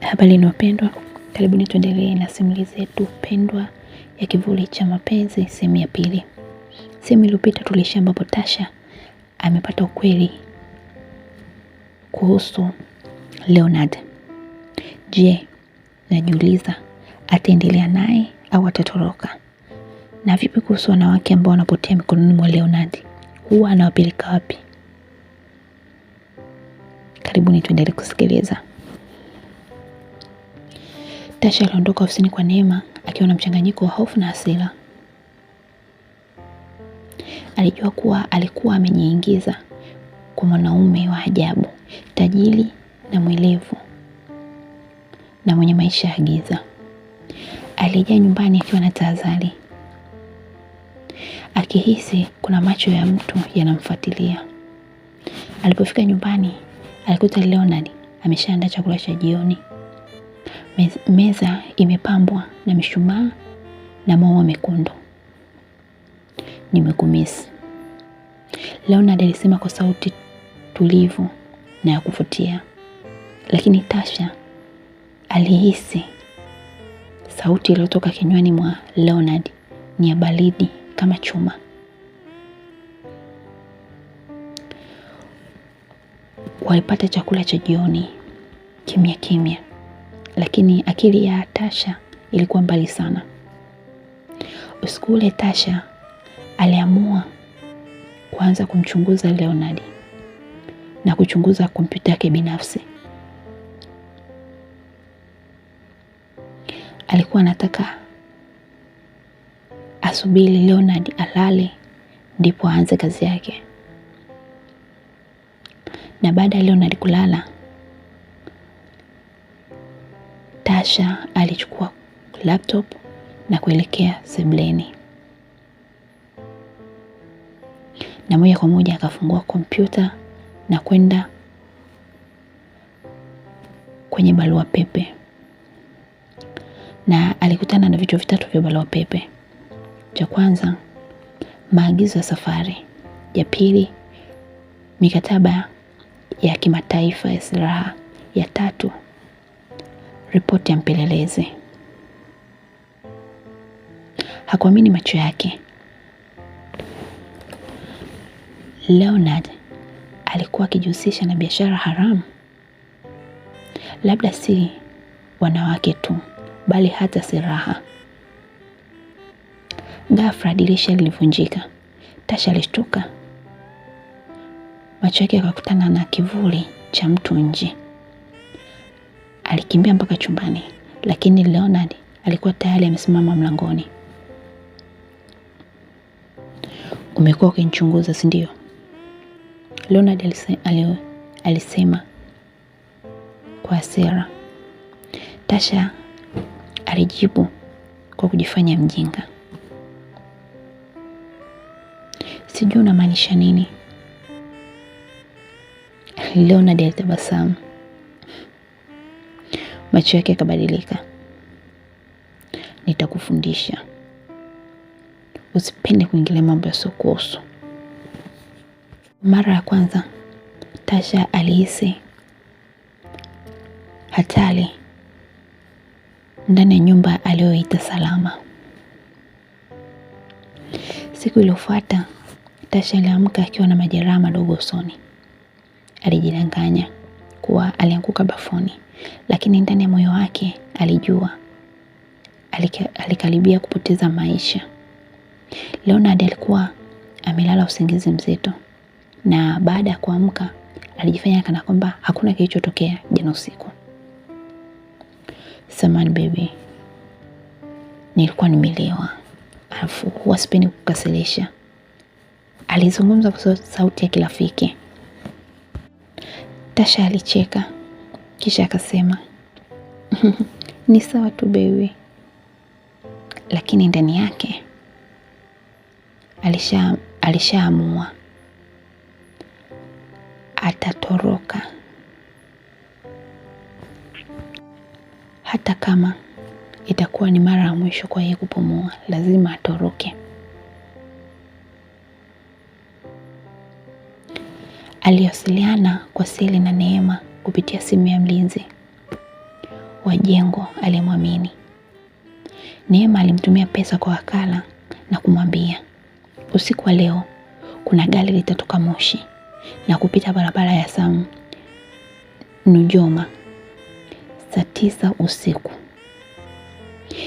Habari ni wapendwa, karibuni tuendelee na simulizi yetu pendwa ya Kivuli cha Mapenzi sehemu ya pili. Sehemu iliyopita tuliishia ambapo Tasha amepata ukweli kuhusu Leonard. Je, najiuliza ataendelea naye au atatoroka? Na vipi kuhusu wanawake ambao wanapotea mikononi mwa Leonard? Huwa anawapeleka wapi? Karibuni tuendelee kusikiliza. Tasha aliondoka ofisini kwa Neema akiwa na mchanganyiko wa hofu na hasira. Alijua kuwa alikuwa amejiingiza kwa mwanaume wa ajabu, tajiri na mwelevu na mwenye maisha ya giza. Alirejea nyumbani akiwa na tahadhari, akihisi kuna macho ya mtu yanamfuatilia. Alipofika nyumbani alikuta Leonard ameshaandaa chakula cha jioni. Meza imepambwa na mishumaa na maua mekundu. Nimekumisi. Leonard alisema kwa sauti tulivu na ya kuvutia, lakini Tasha alihisi sauti iliyotoka kinywani mwa Leonard ni ya baridi kama chuma. Walipata chakula cha jioni kimya kimya lakini akili ya Tasha ilikuwa mbali sana. Usiku ule Tasha aliamua kuanza kumchunguza Leonard na kuchunguza kompyuta yake binafsi. Alikuwa anataka asubiri Leonard alale ndipo aanze kazi yake, na baada ya Leonard kulala Asha alichukua laptop na kuelekea sebleni na moja kwa moja akafungua kompyuta na kwenda kwenye barua pepe, na alikutana na vichwa vitatu vya barua pepe. Cha kwanza maagizo ya safari, ya pili mikataba ya kimataifa ya silaha, ya tatu ripoti ya mpelelezi. Hakuamini macho yake. Leonard alikuwa akijihusisha na biashara haramu, labda si wanawake tu, bali hata silaha. Ghafla dirisha lilivunjika. Tasha alishtuka, macho yake yakakutana na kivuli cha mtu nje. Alikimbia mpaka chumbani, lakini Leonard alikuwa tayari amesimama mlangoni. Umekuwa ukinichunguza, si ndio? Leonard alisema kwa hasira. Tasha alijibu kwa kujifanya mjinga. Sijui unamaanisha nini? Leonard alitabasamu macho yake yakabadilika. Nitakufundisha usipende kuingilia mambo yasiyokuhusu. Mara ya kwanza Tasha alihisi hatari ndani ya nyumba aliyoita salama. Siku iliyofuata Tasha aliamka akiwa na majeraha madogo usoni. Alijidanganya kuwa alianguka bafuni, lakini ndani ya moyo wake alijua alikaribia kupoteza maisha. Leonard alikuwa amelala usingizi mzito, na baada ya kuamka alijifanya kana kwamba hakuna kilichotokea jana usiku. Samani baby, nilikuwa nimelewa, alafu huwa sipeni kukasilisha alizungumza kwa sauti ya kirafiki Tasha alicheka kisha akasema, ni sawa tu bewi, lakini ndani yake alisha alishaamua atatoroka hata kama itakuwa ni mara ya mwisho kwa yeye kupumua, lazima atoroke. Aliwasiliana kwa siri na Neema kupitia simu ya mlinzi wa jengo aliyemwamini. Neema alimtumia pesa kwa wakala na kumwambia, usiku wa leo kuna gari litatoka Moshi na kupita barabara ya Sam Nujoma saa tisa usiku.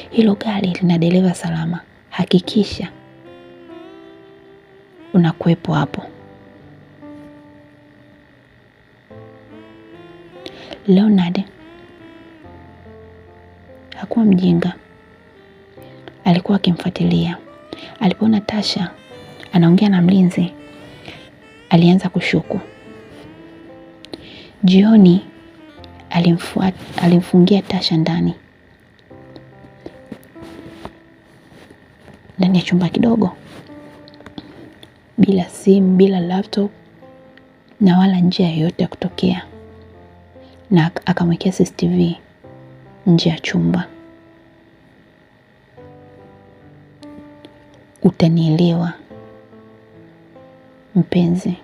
Hilo gari lina dereva salama, hakikisha unakuwepo hapo. Leonard hakuwa mjinga, alikuwa akimfuatilia. Alipoona Tasha anaongea na mlinzi, alianza kushuku. Jioni alimfuata, alimfungia Tasha ndani ndani ya chumba kidogo, bila simu, bila laptop na wala njia yoyote ya kutokea na akamwekea CCTV nje ya chumba. Utanielewa mpenzi,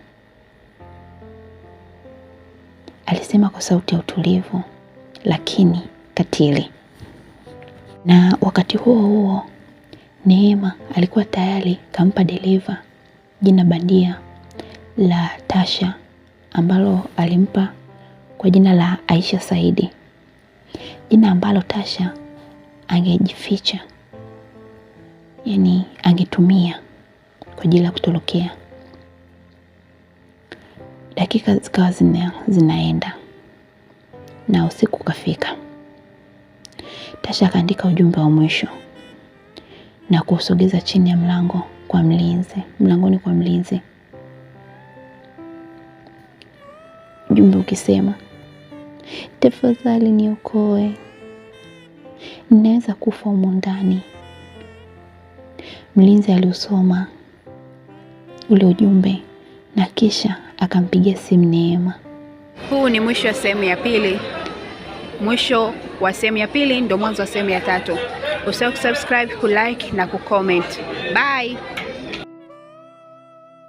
alisema kwa sauti ya utulivu lakini katili. Na wakati huo huo Neema alikuwa tayari kampa dereva jina bandia la Tasha ambalo alimpa kwa jina la Aisha Saidi, jina ambalo Tasha angejificha, yani angetumia kwa ajili ya kutorokea. Dakika zikawa zina, zinaenda na usiku ukafika. Tasha akaandika ujumbe wa mwisho na kuusogeza chini ya mlango kwa mlinzi, mlangoni kwa mlinzi, ujumbe ukisema tafadhali niokoe, ninaweza kufa humu ndani. Mlinzi aliusoma ule ujumbe na kisha akampigia simu Neema. Huu ni mwisho wa sehemu ya pili. Mwisho wa sehemu ya pili ndio mwanzo wa sehemu ya tatu. Usisahau kusubscribe, kulike na kucomment. Bye.